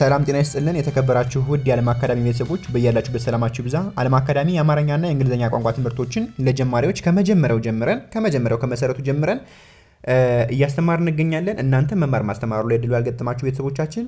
ሰላም ጤና ይስጥልን። የተከበራችሁ ውድ የዓለም አካዳሚ ቤተሰቦች በያላችሁ ሰላማችሁ ብዛ። ዓለም አካዳሚ የአማርኛና የእንግሊዝኛ ቋንቋ ትምህርቶችን ለጀማሪዎች ከመጀመሪያው ጀምረን ከመጀመሪያው ከመሰረቱ ጀምረን እያስተማር እንገኛለን። እናንተ መማር ማስተማሩ ላይ እድሉ ያልገጠማችሁ ቤተሰቦቻችን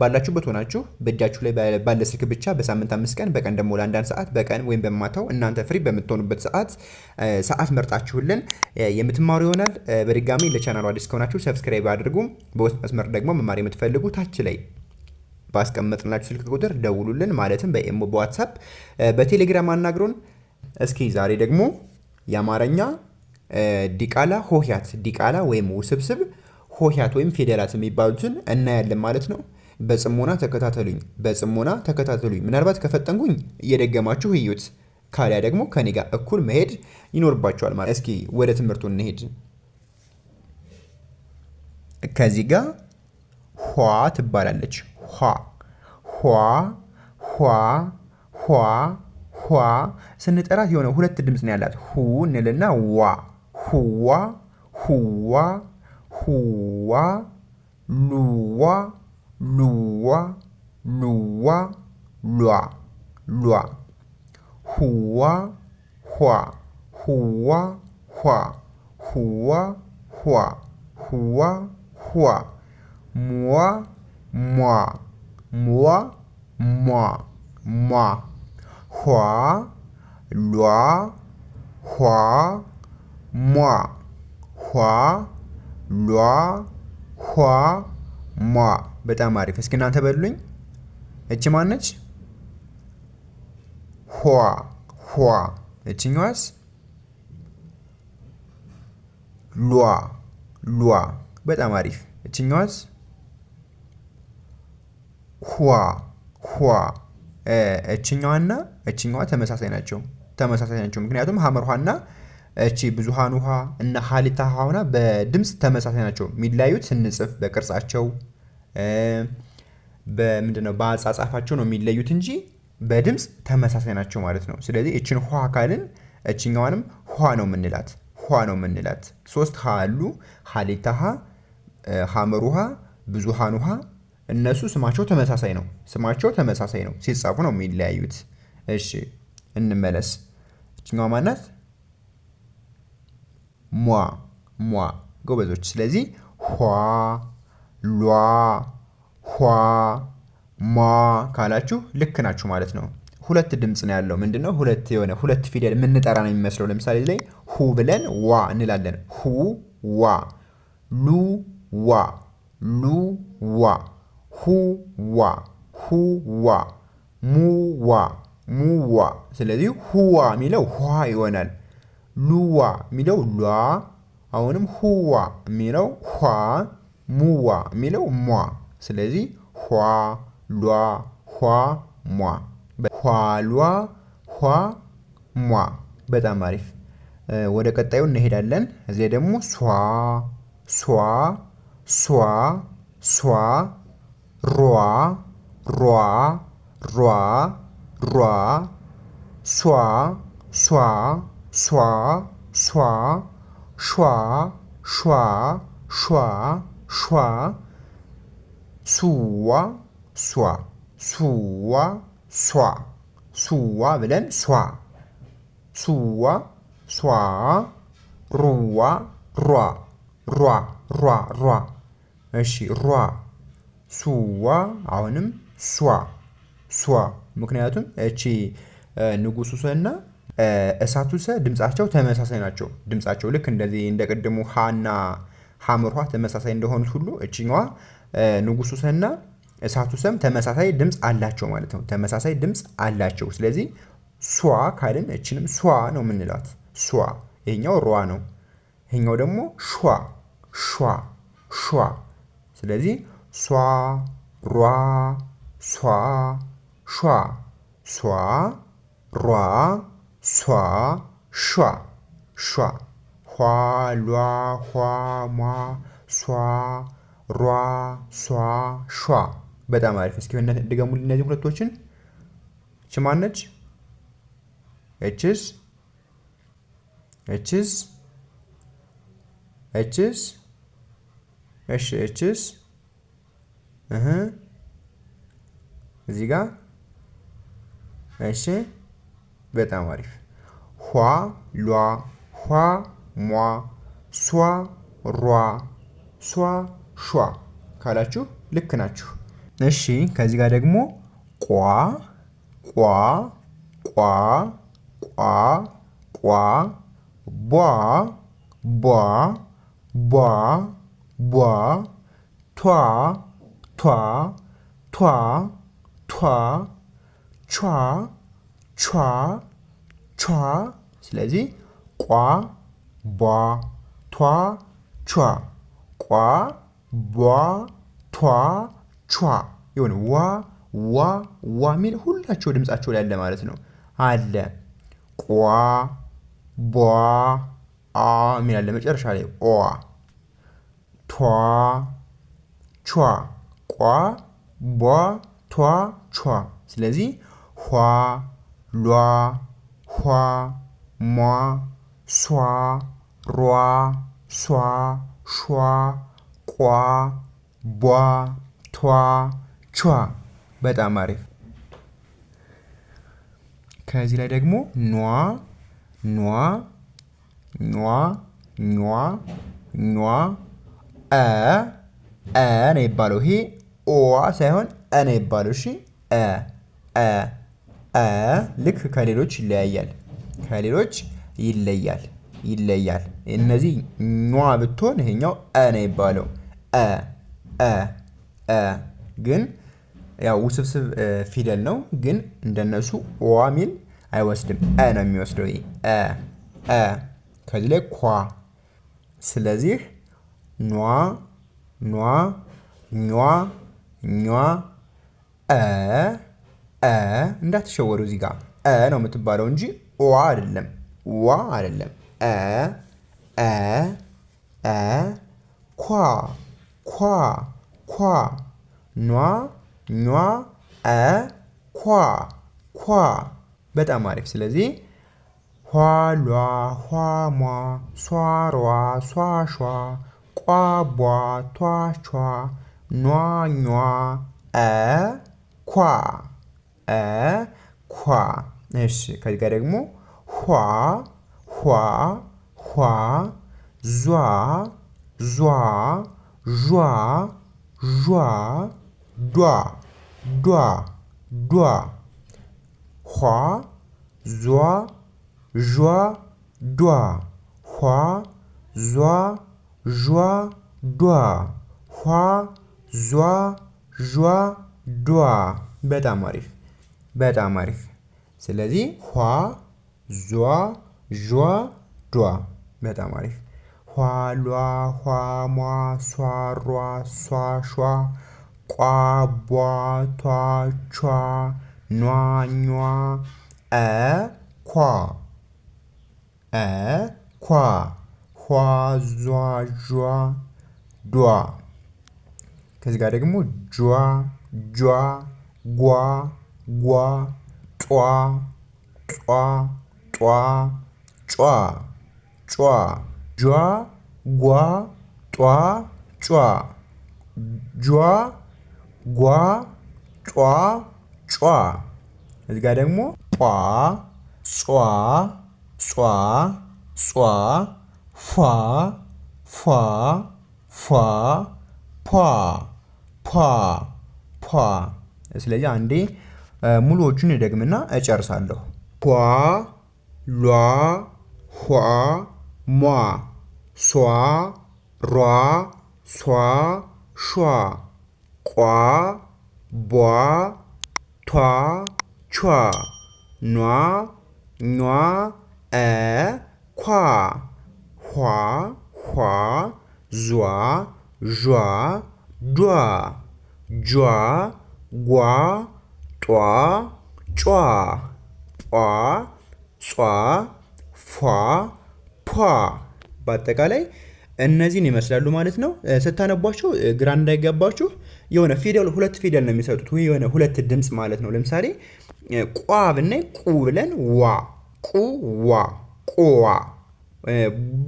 ባላችሁበት ሆናችሁ በእጃችሁ ላይ ባለ ስልክ ብቻ በሳምንት አምስት ቀን በቀን ደግሞ ለአንዳንድ ሰዓት በቀን ወይም በማታው እናንተ ፍሪ በምትሆኑበት ሰዓት ሰዓት መርጣችሁልን የምትማሩ ይሆናል። በድጋሚ ለቻናሉ አዲስ ከሆናችሁ ሰብስክራይብ አድርጉ። በውስጥ መስመር ደግሞ መማር የምትፈልጉ ታች ላይ ባስቀመጥናችሁ ስልክ ቁጥር ደውሉልን። ማለትም በኤሞ በዋትሳፕ በቴሌግራም አናግሮን። እስኪ ዛሬ ደግሞ የአማርኛ ዲቃላ ሆሄያት ዲቃላ ወይም ውስብስብ ሆሄያት ወይም ፊደላት የሚባሉትን እናያለን ማለት ነው። በጽሞና ተከታተሉኝ፣ በጽሞና ተከታተሉኝ። ምናልባት ከፈጠንኩኝ እየደገማችሁ እዩት፣ ካሊያ ደግሞ ከኔ ጋር እኩል መሄድ ይኖርባቸዋል ማለት። እስኪ ወደ ትምህርቱ እንሄድ። ከዚህ ጋር ኋ ትባላለች። 哗哗哗哗哗！现在大家听到的都是哪里？呼，哪里呢？哗，呼啊，呼啊，呼啊，呼啊，鲁啊，鲁啊，鲁啊，鲁，鲁，呼啊，呼，呼啊，呼，呼啊，呼，呼啊，呼啊，摩。ሟ ሟ ሟ ሟ ኋ ሏ ኋ ሟ ኋ ሏ ኋ ሟ በጣም አሪፍ። እስኪ እናንተ በሉኝ። እቺ ማነች? ኋ ኋ። እችኛዋስ? ሏ ሏ። በጣም አሪፍ። እችኛዋስ ኳ ኳ። እችኛዋና እችኛዋ ተመሳሳይ ናቸው ተመሳሳይ ናቸው። ምክንያቱም ሀመር ውሃና እቺ ብዙሃን ውሃ እና ሀሊታ ውሃና በድምፅ ተመሳሳይ ናቸው። የሚለያዩት ስንጽፍ በቅርጻቸው በምንድነው በአጻጻፋቸው ነው የሚለዩት እንጂ በድምፅ ተመሳሳይ ናቸው ማለት ነው። ስለዚህ እችን ውሃ ካልን እችኛዋንም ውሃ ነው የምንላት ውሃ ነው የምንላት። ሶስት ሀ አሉ ሀሊታ ሀ፣ ሀመር ውሃ፣ ብዙሃን ውሃ እነሱ ስማቸው ተመሳሳይ ነው። ስማቸው ተመሳሳይ ነው፣ ሲጻፉ ነው የሚለያዩት። እሺ እንመለስ። እችኛው ማናት? ሟ ሟ። ጎበዞች። ስለዚህ ኋ፣ ሏ፣ ኋ፣ ሟ ካላችሁ ልክ ናችሁ ማለት ነው። ሁለት ድምፅ ነው ያለው። ነው ሁለት የሆነ ሁለት ፊደል የምንጠራ ነው የሚመስለው። ለምሳሌ ላይ ሁ ብለን ዋ እንላለን። ሁ ዋ፣ ሉ ዋ፣ ሉ ዋ ሁዋ ሁዋ ሙዋ ሙዋ። ስለዚህ ሁዋ የሚለው ኋ ይሆናል። ሉዋ የሚለው ሏ፣ አሁንም ሁዋ የሚለው ኋ፣ ሙዋ የሚለው ሟ። ስለዚህ ኋ ሏ ኋ ሟ ኋ ሏ ኋ ሟ። በጣም አሪፍ። ወደ ቀጣዩ እንሄዳለን። እዚያ ደግሞ ሷ ሷ ሷ ሷ roi, roi, roi, roi, soit, soit, soit, soit, choix, choix, choix, choix, soit, soit, soit, soit, soit, soit, soit, soit, soit, roi, roi, roi, roi, roi, roi, roi, ሱዋ አሁንም ሷ ሷ ምክንያቱም እቺ ንጉሱ ሰ እና እሳቱ ሰ ድምጻቸው ተመሳሳይ ናቸው። ድምጻቸው ልክ እንደዚህ እንደ ቅድሙ ሀና ሀምርኋ ተመሳሳይ እንደሆኑት ሁሉ እችኛዋ ንጉሱ ሰ እና እሳቱ ሰም ተመሳሳይ ድምፅ አላቸው ማለት ነው። ተመሳሳይ ድምፅ አላቸው። ስለዚህ ሷ ካልን እችንም ሷ ነው የምንላት ሷ። ይሄኛው ሯ ነው። ይሄኛው ደግሞ ሿ ሿ ሿ። ስለዚህ sua, rua, sua, şua, sua, rua, sua, şua, şua, hua, lua, hua, ma, sua, rua, sua, şua በጣም አሪፍ። እስኪ ድገሙ እነዚህ ሁለቶችን። እች ማነች? እችስ እችስ እችስ እሺ እችስ እዚህ ጋር እሺ፣ በጣም አሪፍ። ኋ ሏ ኋ ሟ ሷ ሯ ሷ ሿ ካላችሁ ልክ ናችሁ። እሺ፣ ከዚህ ጋር ደግሞ ቋ ቋ ቋ ቋ ቋ ቧ ቧ ቧ ቧ ቷ ቷ ቷ ቷ ቿ ቿ ቿ ስለዚህ ቋ ቧ ቷ ቿ ቋ ቧ ቷ ቿ የሆነ ዋ ዋ ዋ የሚል ሁላቸው ድምጻቸው ላይ አለ ማለት ነው አለ ቋ ቧ አ የሚል አለ መጨረሻ ላይ ኦ ቷ ቿ ቋ ቧ ቷ ቿ። ስለዚህ ኋ ሏ ኋ ሟ ሷ ሯ ሷ ሿ ቋ ቧ ቷ ቿ። በጣም አሪፍ። ከዚህ ላይ ደግሞ ኗ ኗ ኟ ኟ ኟ አ አ ነው የሚባለው ይሄ ኦዋ ሳይሆን እነ ነው ይባለው። እሺ እ እ እ ልክ ከሌሎች ይለያያል። ከሌሎች ይለያል ይለያል። እነዚህ ኗ ብትሆን ይሄኛው እነ ነው ይባለው። እ እ እ ግን ያው ውስብስብ ፊደል ነው፣ ግን እንደነሱ ኦዋ ሚል አይወስድም። እ ነው የሚወስደው። እ እ ከዚህ ላይ ኳ። ስለዚህ ኗ ኗ ኟ ኟ አ እ እንዳትሸወዱ እዚህ ጋር አ ነው የምትባለው እንጂ ዋ አይደለም፣ ዋ አይደለም። አ አ አ ኳ ኳ ኳ ኗ ኗ አ ኳ ኳ በጣም አሪፍ። ስለዚህ ኋሏ ኋሟ ሷሯ ሷሿ ቋቧ ቷቿ noa noa Eh, quoi, Eh, quoi. Neyse, hadi gerek mu? Hua, hua, hua, zwa, zwa, joa, zwa, doa, doa, doa. Hua, zua, joa, doa. joa, doa. ዟ ዣ ዷ በጣም አሪፍ በጣም አሪፍ። ስለዚህ ኋ ዟ ዣ ዷ በጣም አሪፍ ኋሏ ኋሟ ኋ ሟ ሷ ሯ ሷ አ ኳ አ ኳ ኋ ዟ ጇ ዷ ከዚህ ጋር ደግሞ ጇ ጇ ጓ ጓ ጧ ጧ ጧ ጯ ጯ ጇ ጓ ጧ ጯ ጇ ጓ ጧ ጯ እዚህ ጋር ደግሞ ጧ ጿ ጿ ጿ ፏ ፏ ፏ ፏ ፓ ፓ። ስለዚህ አንዴ ሙሉዎቹን ደግምና እጨርሳለሁ። ኳ ሏ ኋ ሟ ሷ ሯ ሷ ሿ ቋ ቧ ቷ ቿ ኗ ኟ እ ኳ ኋ ኋ ዟ ዣ ዷ ጇ ጓ ጧ ጯ ጧ ጿ ፏ ፏ በአጠቃላይ እነዚህን ይመስላሉ ማለት ነው። ስታነቧቸው ግራ እንዳይገባችሁ የሆነ ፊደል ሁለት ፊደል ነው የሚሰጡት ወይ የሆነ ሁለት ድምፅ ማለት ነው። ለምሳሌ ቋ ብናይ ቁ ብለን ዋ ቁ ዋ ቁዋ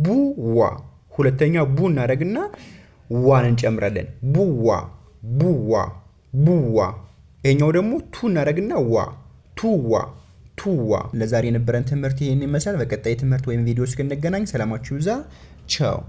ቡ ዋ ሁለተኛ ቡ እናደርግና ዋን እንጨምራለን ቡዋ ቡዋ ቡዋ። ይሄኛው ደግሞ ቱ እናደርግና ዋ ቱዋ ቱዋ። ለዛሬ የነበረን ትምህርት ይህን ይመስላል። በቀጣይ ትምህርት ወይም ቪዲዮ እስክንገናኝ ሰላማችሁ ይብዛ። ቻው